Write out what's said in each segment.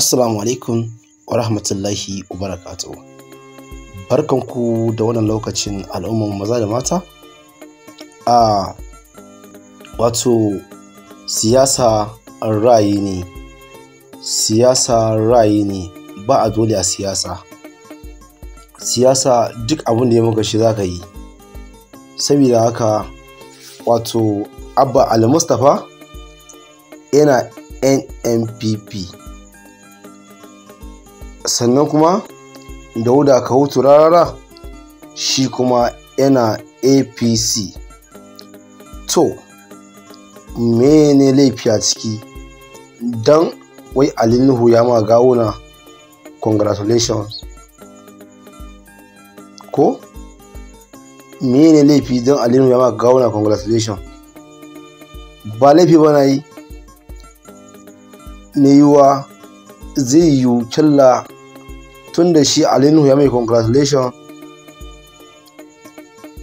Assalamu alaikum wa rahmatullahi wa Barkan Barkanku da wannan lokacin al'ummar maza da mata? A wato siyasa ra'ayi ne, siyasa ra'ayi ne ba a dole a siyasa. Siyasa duk abin da ya muka shi za ka yi. Saboda haka wato Abba al-Mustapha yana NNPP. sannan kuma dauda kahutu rarara shi kuma yana apc to mene laifi a ciki don wai alinuhu ya ma gawuna congratulations ko mene laifi don alinuhu ya ma gawuna congratulations ba laifi ba na yi ne yiwuwa zai yiwu kyalla tun da shi alinu ya mai congratulation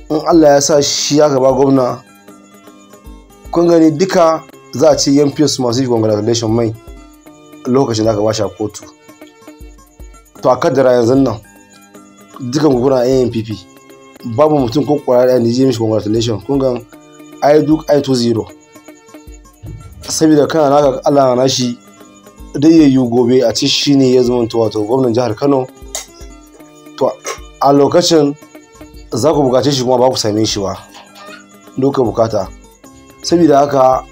in allah ya sa shi ya gaba gwamna kun gani duka za a ce yan pos masu yi congratulation mai lokacin da aka ba shi a kotu to a kaddara yanzu nan dukan kuna ampp babu mutum ko kwarar da ji mishi congratulation kun gan i duk i to zero saboda kana naka allah na shi da iya yiwu gobe a ci shi ne ya zama wato gwamnan jihar kano to a lokacin za ku bukace shi kuma ba ku same shi ba doka bukata saboda haka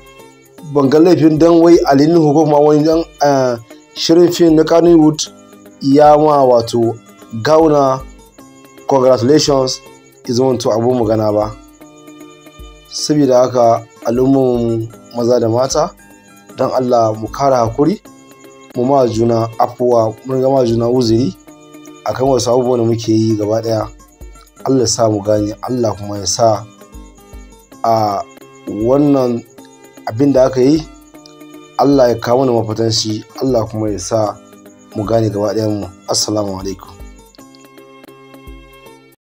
ban ga laifin dan wai alinin ko kuma wani dan eh, shirin fim na Kannywood ya ma wato gauna congratulations is to abu magana ba saboda haka al'umman maza da mata don allah mu kara hakuri mu ma juna afuwa mun ga ma juna uzuri akan wasu abubuwan da muke yi gaba daya Allah sa mu gane Allah kuma ya sa a wannan abin da aka yi Allah ya kawo mana mafitan shi Allah kuma ya sa mu gane gaba ɗayan mu assalamu alaikum